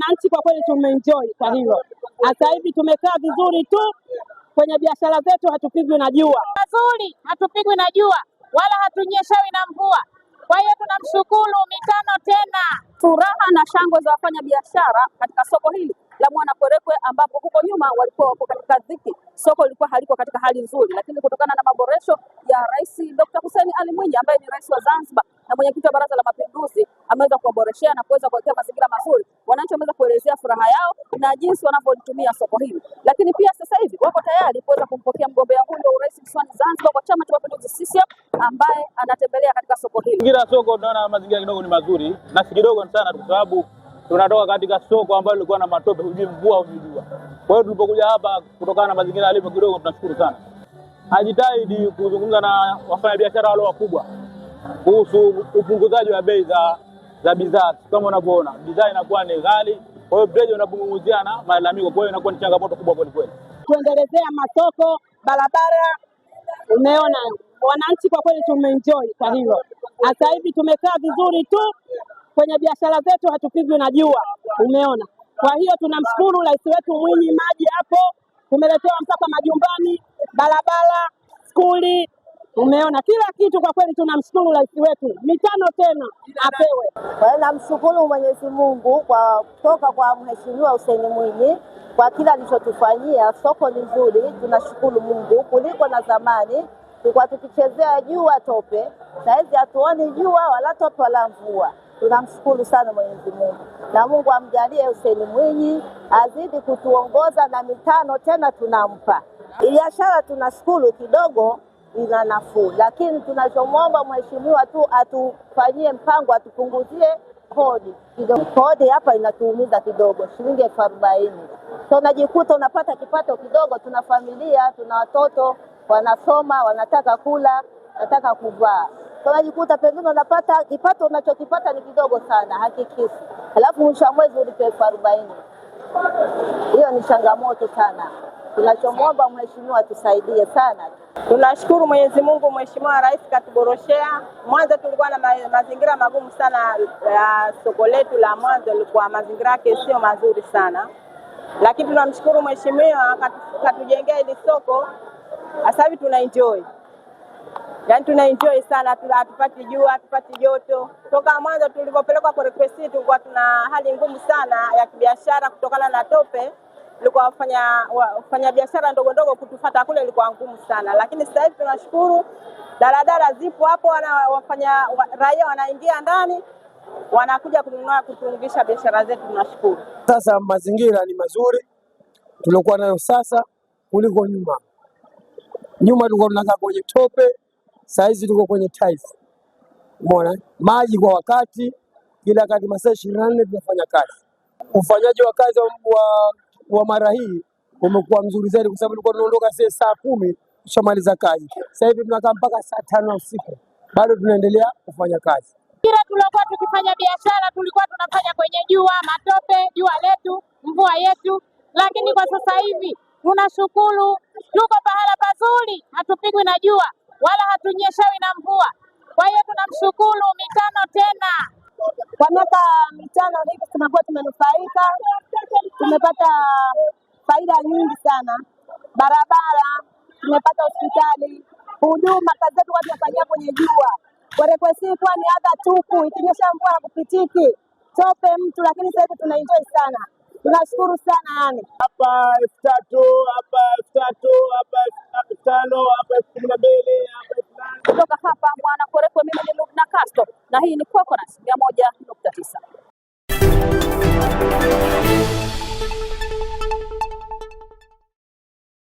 Wananchi kwa kweli tumeenjoy kwa hilo. Sasa hivi tumekaa vizuri tu kwenye biashara zetu, hatupigwi na jua vizuri, hatupigwi na jua wala hatunyeshewi na mvua. Kwa hiyo tunamshukuru mitano tena. Furaha na shangwe za wafanya biashara katika soko hili la Mwanakwerekwe, ambapo huko nyuma walikuwa wako katika dhiki soko lilikuwa haliko katika hali nzuri, lakini kutokana na maboresho ya Rais Dr. Hussein Ali Mwinyi ambaye ni rais wa Zanzibar na mwenyekiti wa Baraza la Mapinduzi ameweza kuwaboreshea na kuweza kuwekea mazingira mazuri. Wananchi wameweza kuelezea furaha yao na jinsi wanavyolitumia soko hili, lakini pia sasa hivi wako tayari kuweza kumpokea mgombea huyo wa urais visiwani Zanzibar kwa Chama cha Mapinduzi CCM ambaye anatembelea katika soko hili. Mazingira ya soko tunaona mazingira kidogo ni mazuri na si kidogo sana kwa sababu tunatoka katika soko ambalo lilikuwa na matope, hujui mvua, hujui jua. Kwa hiyo tulipokuja hapa, kutokana na mazingira yalivyo kidogo, tunashukuru sana. Ajitahidi kuzungumza na wafanyabiashara wale wakubwa kuhusu upunguzaji wa bei za za bidhaa. Kama unavyoona bidhaa inakuwa ni ghali, kwa hiyo mteja unapunguzia na malalamiko, kwa hiyo inakuwa ni changamoto kubwa kweli kweli. Kuendelezea masoko, barabara, umeona wananchi, kwa kweli tumeenjoy. Kwa hiyo sasa hivi tumekaa vizuri tu kwenye biashara zetu hatupigwi na jua, umeona. Kwa hiyo tunamshukuru rais wetu Mwinyi, maji hapo tumeletewa mpaka majumbani, barabara, skuli, umeona kila kitu. Kwa kweli tunamshukuru rais wetu, mitano tena apewe. Kwa hiyo namshukuru Mwenyezi Mungu kwa kutoka kwa Mheshimiwa Hussein Mwinyi kwa kila alichotufanyia. Soko ni nzuri, tunashukuru Mungu kuliko na zamani tulikuwa tukichezea jua tope, saizi hatuoni jua wala tope wala mvua. Tunamshukuru sana Mwenyezi Mungu na Mungu amjalie Hussein Mwinyi azidi kutuongoza na mitano tena tunampa. Biashara tunashukuru kidogo ina nafuu, lakini tunachomwomba mheshimiwa tu atufanyie mpango, atupunguzie kodi kidogo. Kodi hapa inatuumiza kidogo, shilingi elfu arobaini. So unapata kipato kidogo, tuna familia, tuna watoto wanasoma, wanataka kula, wanataka kuvaa unajikuta pengine unapata kipato unachokipata ni kidogo sana, hakikisi, alafu mwisho wa mwezi ulipe elfu arobaini. Hiyo ni changamoto sana. Tunachomwomba mheshimiwa tusaidie sana. Tunashukuru Mwenyezi Mungu, Mheshimiwa Rais katuboroshea. Mwanzo tulikuwa na ma mazingira magumu sana eh, ya soko letu la mwanzo, ilikuwa mazingira yake sio mazuri sana, lakini tunamshukuru mheshimiwa katujengea hili soko, sasa hivi tuna enjoy yani enjoy sana, hatupati jua, hatupati joto. Toka mwanzo tulivyopelekwa Korekwe City tulikuwa tuna hali ngumu sana ya kibiashara kutokana na tope ilikuwa wafanya, wafanya biashara ndogo ndogo kutufata kule ilikuwa ngumu sana, lakini sasa hivi tunashukuru daladala zipo hapo, wana wafanya raia wanaingia ndani wanakuja kununua kutuungisha biashara zetu, tunashukuru. Sasa mazingira ni mazuri tuliokuwa nayo sasa kuliko nyuma. Nyuma tulikuwa tunakaa kwenye tope, Saizi tuko kwenye taifa, umeona maji kwa wakati, kila kati masaa ishirini na nne tunafanya kazi. Ufanyaji wa kazi wa, wa mara hii umekuwa mzuri zaidi, kwa sababu tulikuwa tunaondoka sie saa kumi tushamaliza kazi. Sasa hivi tunakaa mpaka saa tano ya usiku bado tunaendelea kufanya kazi. Kila tuliokuwa tukifanya biashara tulikuwa tunafanya kwenye jua, matope, jua letu, mvua yetu, lakini kwa sasa hivi tunashukuru, tuko pahala pazuri, hatupigwi na jua wala hatunyeshewi na mvua. Kwa hiyo tunamshukuru mitano tena, kwa miaka mitano hivi tunakuwa tumenufaika, tumepata faida nyingi sana, barabara tumepata, hospitali, huduma, kazi zetu tunafanyia kwenye jua kuwa ni adha tupu, ikinyesha mvua ya kupitiki tope mtu, lakini sasa hivi sana, tunashukuru sana yani. Hapa elfu tatu na hii ni Coconut mia moja nukta tisa.